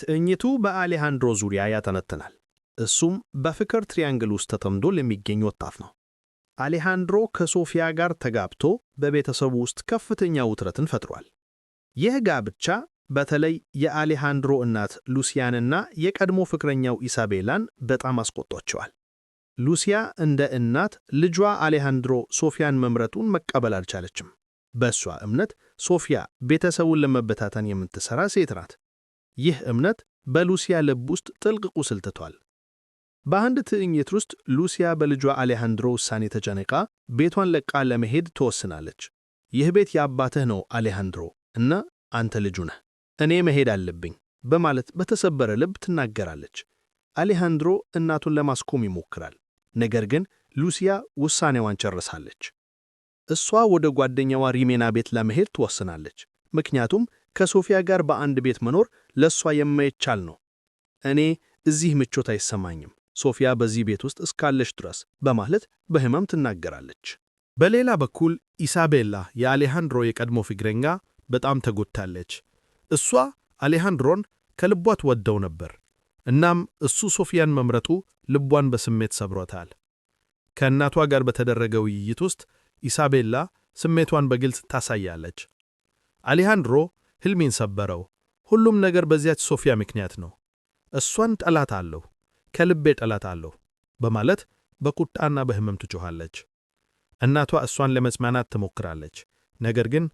ትዕኝቱ በአሌሃንድሮ ዙሪያ ያተነትናል። እሱም በፍቅር ትሪያንግል ውስጥ ተጠምዶ ለሚገኝ ወጣት ነው። አሌሃንድሮ ከሶፊያ ጋር ተጋብቶ በቤተሰቡ ውስጥ ከፍተኛ ውጥረትን ፈጥሯል። ይህ ጋብቻ በተለይ የአሌሃንድሮ እናት ሉሲያንና የቀድሞ ፍቅረኛው ኢሳቤላን በጣም አስቆጧቸዋል። ሉሲያ እንደ እናት ልጇ አሌሃንድሮ ሶፊያን መምረጡን መቀበል አልቻለችም። በእሷ እምነት ሶፊያ ቤተሰቡን ለመበታተን የምትሠራ ሴት ናት። ይህ እምነት በሉሲያ ልብ ውስጥ ጥልቅ ቁስል ትቷል። በአንድ ትዕይንት ውስጥ ሉሲያ በልጇ አሌሃንድሮ ውሳኔ ተጨንቃ ቤቷን ለቃ ለመሄድ ትወስናለች። ይህ ቤት የአባትህ ነው አሌሃንድሮ፣ እና አንተ ልጁ ነህ፣ እኔ መሄድ አለብኝ በማለት በተሰበረ ልብ ትናገራለች። አሌሃንድሮ እናቱን ለማስቆም ይሞክራል፣ ነገር ግን ሉሲያ ውሳኔዋን ጨርሳለች። እሷ ወደ ጓደኛዋ ሪሜና ቤት ለመሄድ ትወስናለች፣ ምክንያቱም ከሶፊያ ጋር በአንድ ቤት መኖር ለእሷ የማይቻል ነው። እኔ እዚህ ምቾት አይሰማኝም፣ ሶፊያ በዚህ ቤት ውስጥ እስካለች ድረስ በማለት በህመም ትናገራለች። በሌላ በኩል ኢሳቤላ የአሌሃንድሮ የቀድሞ ፍቅረኛ በጣም ተጎድታለች። እሷ አሌሃንድሮን ከልቧ ትወደው ነበር። እናም እሱ ሶፊያን መምረጡ ልቧን በስሜት ሰብሮታል። ከእናቷ ጋር በተደረገ ውይይት ውስጥ ኢሳቤላ ስሜቷን በግልጽ ታሳያለች። አሌሃንድሮ ሕልሜን ሰበረው። ሁሉም ነገር በዚያች ሶፊያ ምክንያት ነው። እሷን ጠላት አለሁ፣ ከልቤ ጠላት አለሁ በማለት በቁጣና በህመም ትጮኋለች። እናቷ እሷን ለመጽናናት ትሞክራለች። ነገር ግን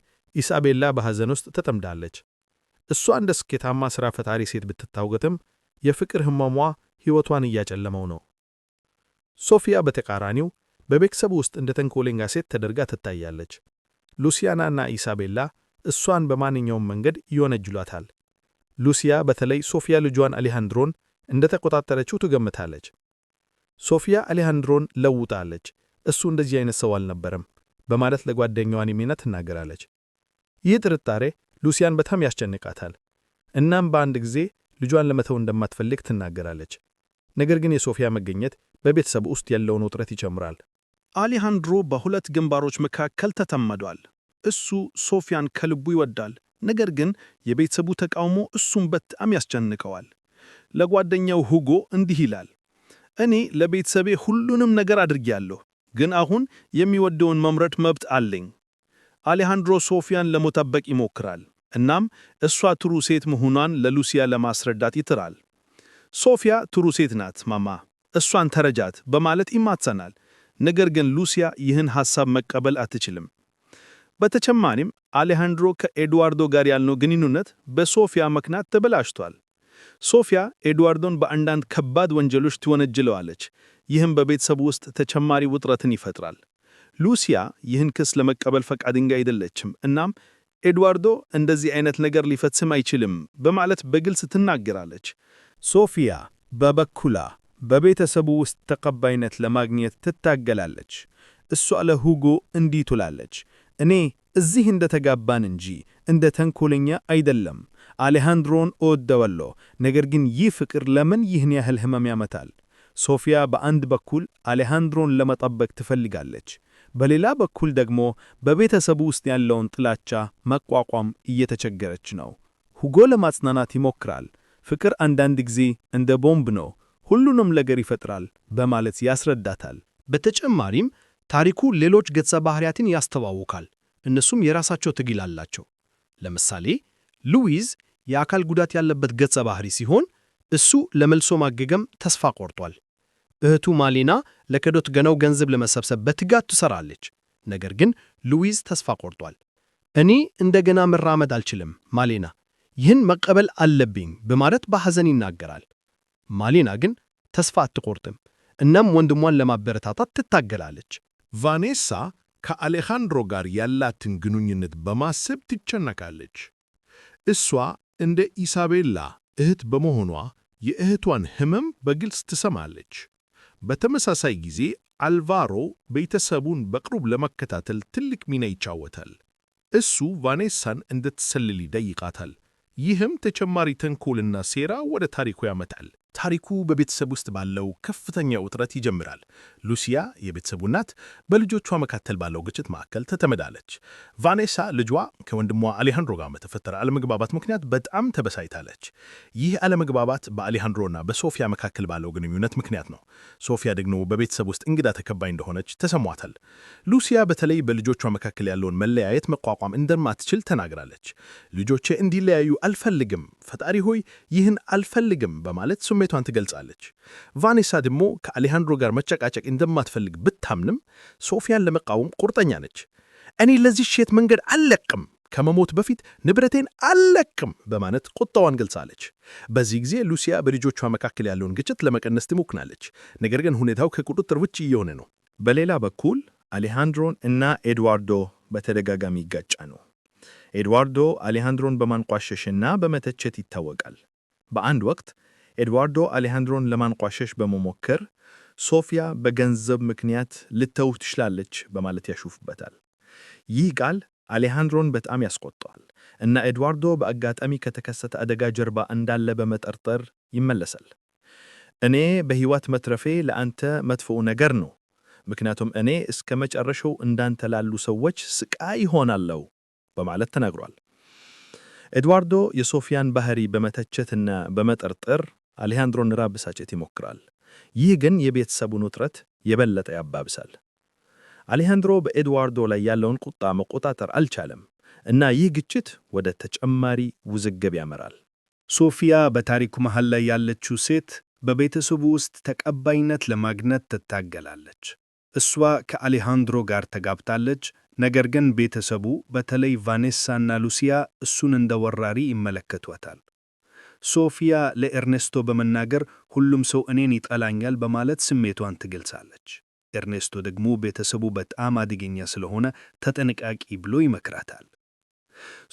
ኢሳቤላ በሐዘን ውስጥ ተጠምዳለች። እሷ እንደ ስኬታማ ሥራ ፈጣሪ ሴት ብትታወቅም የፍቅር ህመሟ ሕይወቷን እያጨለመው ነው። ሶፊያ በተቃራኒው በቤተሰቡ ውስጥ እንደ ተንኮለኛ ሴት ተደርጋ ትታያለች። ሉሲያና እና ኢሳቤላ እሷን በማንኛውም መንገድ ይወነጅሏታል። ሉሲያ በተለይ ሶፊያ ልጇን አሌሃንድሮን እንደተቆጣጠረችው ትገምታለች። ሶፊያ አሌሃንድሮን ለውጣለች፣ እሱ እንደዚህ አይነት ሰው አልነበረም በማለት ለጓደኛዋ ኒሜና ትናገራለች። ይህ ጥርጣሬ ሉሲያን በጣም ያስጨንቃታል። እናም በአንድ ጊዜ ልጇን ለመተው እንደማትፈልግ ትናገራለች። ነገር ግን የሶፊያ መገኘት በቤተሰብ ውስጥ ያለውን ውጥረት ይጨምራል። አሌሃንድሮ በሁለት ግንባሮች መካከል ተተመዷል። እሱ ሶፊያን ከልቡ ይወዳል። ነገር ግን የቤተሰቡ ተቃውሞ እሱን በጣም ያስጨንቀዋል። ለጓደኛው ሁጎ እንዲህ ይላል፣ እኔ ለቤተሰቤ ሁሉንም ነገር አድርጌያለሁ፣ ግን አሁን የሚወደውን መምረጥ መብት አለኝ። አሌሃንድሮ ሶፊያን ለመጠበቅ ይሞክራል፣ እናም እሷ ትሩ ሴት መሆኗን ለሉሲያ ለማስረዳት ይጥራል። ሶፊያ ትሩ ሴት ናት ማማ፣ እሷን ተረጃት በማለት ይማጸናል። ነገር ግን ሉሲያ ይህን ሐሳብ መቀበል አትችልም። በተጨማሪም አሌሃንድሮ ከኤድዋርዶ ጋር ያልነው ግንኙነት በሶፊያ ምክንያት ተበላሽቷል። ሶፊያ ኤድዋርዶን በአንዳንድ ከባድ ወንጀሎች ትወነጅለዋለች። ይህም በቤተሰቡ ውስጥ ተጨማሪ ውጥረትን ይፈጥራል። ሉሲያ ይህን ክስ ለመቀበል ፈቃደኛ አይደለችም። እናም ኤድዋርዶ እንደዚህ አይነት ነገር ሊፈጽም አይችልም በማለት በግልጽ ትናገራለች። ሶፊያ በበኩላ በቤተሰቡ ውስጥ ተቀባይነት ለማግኘት ትታገላለች። እሷ ለሁጎ እንዲህ ትላለች። እኔ እዚህ እንደ ተጋባን እንጂ እንደ ተንኮለኛ አይደለም። አሌሃንድሮን እወደዋለሁ፣ ነገር ግን ይህ ፍቅር ለምን ይህን ያህል ህመም ያመታል? ሶፊያ በአንድ በኩል አሌሃንድሮን ለመጠበቅ ትፈልጋለች፣ በሌላ በኩል ደግሞ በቤተሰቡ ውስጥ ያለውን ጥላቻ መቋቋም እየተቸገረች ነው። ሁጎ ለማጽናናት ይሞክራል። ፍቅር አንዳንድ ጊዜ እንደ ቦምብ ነው፣ ሁሉንም ነገር ይፈጥራል በማለት ያስረዳታል። በተጨማሪም ታሪኩ ሌሎች ገጸ ባህሪያትን ያስተዋውቃል። እነሱም የራሳቸው ትግል አላቸው። ለምሳሌ ሉዊዝ የአካል ጉዳት ያለበት ገጸ ባህሪ ሲሆን እሱ ለመልሶ ማገገም ተስፋ ቆርጧል። እህቱ ማሊና ለከዶት ገናው ገንዘብ ለመሰብሰብ በትጋት ትሰራለች። ነገር ግን ሉዊዝ ተስፋ ቆርጧል። እኔ እንደገና መራመድ አልችልም፣ ማሌና ይህን መቀበል አለብኝ በማለት በሐዘን ይናገራል። ማሌና ግን ተስፋ አትቆርጥም። እናም ወንድሟን ለማበረታታት ትታገላለች። ቫኔሳ ከአሌሃንድሮ ጋር ያላትን ግንኙነት በማሰብ ትጨነቃለች። እሷ እንደ ኢሳቤላ እህት በመሆኗ የእህቷን ህመም በግልጽ ትሰማለች። በተመሳሳይ ጊዜ አልቫሮ ቤተሰቡን በቅሩብ ለመከታተል ትልቅ ሚና ይጫወታል። እሱ ቫኔሳን እንድትሰልል ይጠይቃታል። ይህም ተጨማሪ ተንኮልና ሴራ ወደ ታሪኩ ያመጣል። ታሪኩ በቤተሰብ ውስጥ ባለው ከፍተኛ ውጥረት ይጀምራል። ሉሲያ የቤተሰቡ እናት በልጆቿ መካከል ባለው ግጭት መካከል ተተመዳለች። ቫኔሳ ልጇ ከወንድሟ አሌሃንድሮ ጋር በተፈጠረ አለመግባባት ምክንያት በጣም ተበሳይታለች። ይህ አለመግባባት በአሌሃንድሮና በሶፊያ መካከል ባለው ግንኙነት ምክንያት ነው። ሶፊያ ደግሞ በቤተሰብ ውስጥ እንግዳ ተከባይ እንደሆነች ተሰሟታል። ሉሲያ በተለይ በልጆቿ መካከል ያለውን መለያየት መቋቋም እንደማትችል ተናግራለች። ልጆቼ እንዲለያዩ አልፈልግም፣ ፈጣሪ ሆይ ይህን አልፈልግም በማለት ስሜቷን ትገልጻለች። ቫኔሳ ደግሞ ከአሌሃንድሮ ጋር መጨቃጨቅ እንደማትፈልግ ብታምንም ሶፊያን ለመቃወም ቁርጠኛ ነች። እኔ ለዚህ ሴት መንገድ አልለቅም፣ ከመሞት በፊት ንብረቴን አልለቅም በማለት ቁጣዋን ገልጻለች። በዚህ ጊዜ ሉሲያ በልጆቿ መካከል ያለውን ግጭት ለመቀነስ ትሞክናለች። ነገር ግን ሁኔታው ከቁጥጥር ውጭ እየሆነ ነው። በሌላ በኩል አሌሃንድሮን እና ኤድዋርዶ በተደጋጋሚ ይጋጫ ነው። ኤድዋርዶ አሌሃንድሮን በማንቋሸሽና በመተቸት ይታወቃል። በአንድ ወቅት ኤድዋርዶ አሌሃንድሮን ለማንቋሸሽ በመሞከር ሶፊያ በገንዘብ ምክንያት ልተው ትችላለች በማለት ያሹፍበታል። ይህ ቃል አሌሃንድሮን በጣም ያስቆጠዋል እና ኤድዋርዶ በአጋጣሚ ከተከሰተ አደጋ ጀርባ እንዳለ በመጠርጠር ይመለሳል። እኔ በሕይወት መትረፌ ለአንተ መጥፎው ነገር ነው፣ ምክንያቱም እኔ እስከ መጨረሻው እንዳንተ ላሉ ሰዎች ስቃይ ይሆናለሁ በማለት ተናግሯል። ኤድዋርዶ የሶፊያን ባህሪ በመተቸትና በመጠርጠር አሌሃንድሮን ራብሳጨት ይሞክራል። ይህ ግን የቤተሰቡን ውጥረት የበለጠ ያባብሳል። አሌሃንድሮ በኤድዋርዶ ላይ ያለውን ቁጣ መቆጣጠር አልቻለም እና ይህ ግጭት ወደ ተጨማሪ ውዝግብ ያመራል። ሶፊያ በታሪኩ መሃል ላይ ያለችው ሴት በቤተሰቡ ውስጥ ተቀባይነት ለማግኘት ትታገላለች። እሷ ከአሌሃንድሮ ጋር ተጋብታለች፣ ነገር ግን ቤተሰቡ በተለይ ቫኔሳና ሉሲያ እሱን እንደ ወራሪ ይመለከቷታል። ሶፊያ ለኤርኔስቶ በመናገር ሁሉም ሰው እኔን ይጠላኛል በማለት ስሜቷን ትገልጻለች። ኤርኔስቶ ደግሞ ቤተሰቡ በጣም አደገኛ ስለሆነ ተጠንቃቂ ብሎ ይመክራታል።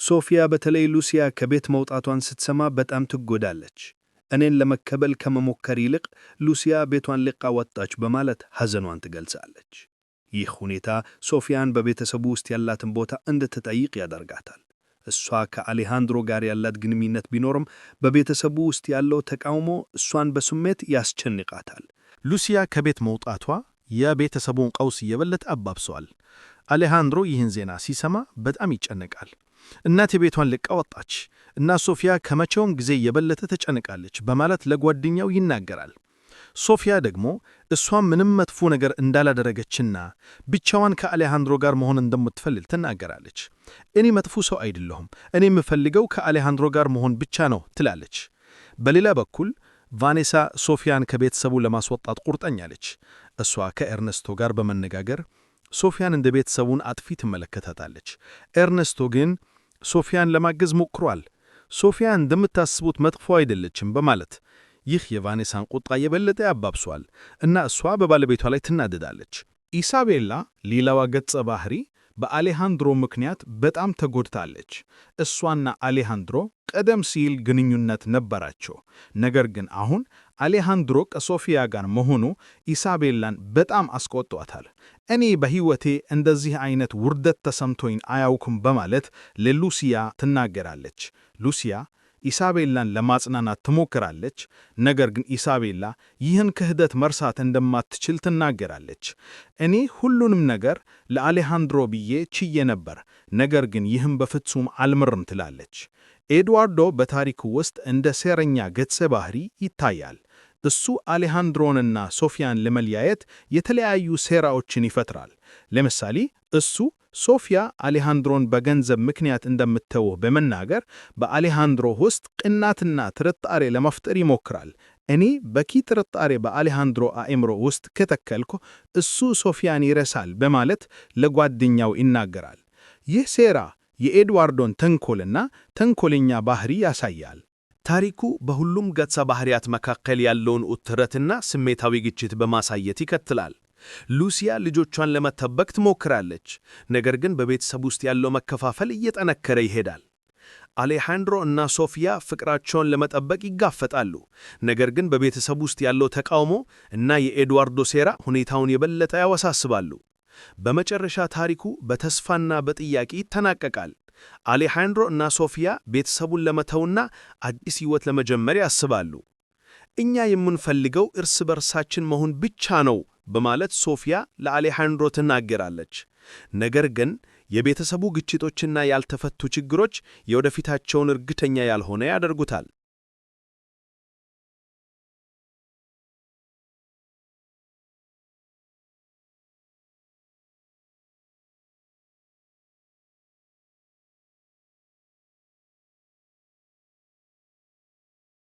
ሶፊያ በተለይ ሉሲያ ከቤት መውጣቷን ስትሰማ በጣም ትጎዳለች። እኔን ለመከበል ከመሞከር ይልቅ ሉሲያ ቤቷን ልቃ ወጣች በማለት ሐዘኗን ትገልጻለች። ይህ ሁኔታ ሶፊያን በቤተሰቡ ውስጥ ያላትን ቦታ እንድትጠይቅ ያደርጋታል። እሷ ከአሌሃንድሮ ጋር ያላት ግንኙነት ቢኖርም በቤተሰቡ ውስጥ ያለው ተቃውሞ እሷን በስሜት ያስጨንቃታል። ሉሲያ ከቤት መውጣቷ የቤተሰቡን ቀውስ እየበለጠ አባብሰዋል። አሌሃንድሮ ይህን ዜና ሲሰማ በጣም ይጨነቃል። እናቴ ቤቷን ልቃ ወጣች እና ሶፊያ ከመቼውም ጊዜ የበለጠ ተጨንቃለች በማለት ለጓደኛው ይናገራል። ሶፊያ ደግሞ እሷም ምንም መጥፎ ነገር እንዳላደረገችና ብቻዋን ከአሌሃንድሮ ጋር መሆን እንደምትፈልግ ትናገራለች። እኔ መጥፎ ሰው አይደለሁም፣ እኔ የምፈልገው ከአሌሃንድሮ ጋር መሆን ብቻ ነው ትላለች። በሌላ በኩል ቫኔሳ ሶፊያን ከቤተሰቡ ለማስወጣት ቁርጠኛለች። እሷ ከኤርነስቶ ጋር በመነጋገር ሶፊያን እንደ ቤተሰቡን አጥፊ ትመለከታታለች። ኤርነስቶ ግን ሶፊያን ለማገዝ ሞክሯል። ሶፊያ እንደምታስቡት መጥፎ አይደለችም በማለት ይህ የቫኔሳን ቁጣ የበለጠ ያባብሷል እና እሷ በባለቤቷ ላይ ትናደዳለች። ኢሳቤላ ሌላዋ ገጸ ባህሪ በአሌሃንድሮ ምክንያት በጣም ተጎድታለች። እሷና አሌሃንድሮ ቀደም ሲል ግንኙነት ነበራቸው፣ ነገር ግን አሁን አሌሃንድሮ ከሶፊያ ጋር መሆኑ ኢሳቤላን በጣም አስቆጧታል። እኔ በሕይወቴ እንደዚህ አይነት ውርደት ተሰምቶኝ አያውኩም በማለት ለሉሲያ ትናገራለች። ሉሲያ ኢሳቤላን ለማጽናናት ትሞክራለች። ነገር ግን ኢሳቤላ ይህን ክህደት መርሳት እንደማትችል ትናገራለች። እኔ ሁሉንም ነገር ለአሌሃንድሮ ብዬ ችዬ ነበር፣ ነገር ግን ይህም በፍጹም አልምርም ትላለች። ኤድዋርዶ በታሪኩ ውስጥ እንደ ሴረኛ ገጸ ባህሪ ይታያል። እሱ አሌሃንድሮንና ሶፊያን ለመለያየት የተለያዩ ሴራዎችን ይፈጥራል። ለምሳሌ እሱ ሶፊያ አሌሃንድሮን በገንዘብ ምክንያት እንደምትተወው በመናገር በአሌሃንድሮ ውስጥ ቅናትና ጥርጣሬ ለመፍጠር ይሞክራል። እኔ በቂ ጥርጣሬ በአሌሃንድሮ አእምሮ ውስጥ ከተከልኩ እሱ ሶፊያን ይረሳል በማለት ለጓደኛው ይናገራል። ይህ ሴራ የኤድዋርዶን ተንኮልና ተንኮለኛ ባህሪ ያሳያል። ታሪኩ በሁሉም ገጸ ባህሪያት መካከል ያለውን ውትረትና ስሜታዊ ግጭት በማሳየት ይከትላል። ሉሲያ ልጆቿን ለመጠበቅ ትሞክራለች፣ ነገር ግን በቤተሰብ ውስጥ ያለው መከፋፈል እየጠነከረ ይሄዳል። አሌሃንድሮ እና ሶፊያ ፍቅራቸውን ለመጠበቅ ይጋፈጣሉ፣ ነገር ግን በቤተሰብ ውስጥ ያለው ተቃውሞ እና የኤድዋርዶ ሴራ ሁኔታውን የበለጠ ያወሳስባሉ። በመጨረሻ ታሪኩ በተስፋና በጥያቄ ይተናቀቃል። አሌሃንድሮ እና ሶፊያ ቤተሰቡን ለመተውና አዲስ ሕይወት ለመጀመር ያስባሉ። እኛ የምንፈልገው እርስ በርሳችን መሆን ብቻ ነው በማለት ሶፊያ ለአሌሃንድሮ ትናገራለች። ነገር ግን የቤተሰቡ ግጭቶችና ያልተፈቱ ችግሮች የወደፊታቸውን እርግጠኛ ያልሆነ ያደርጉታል።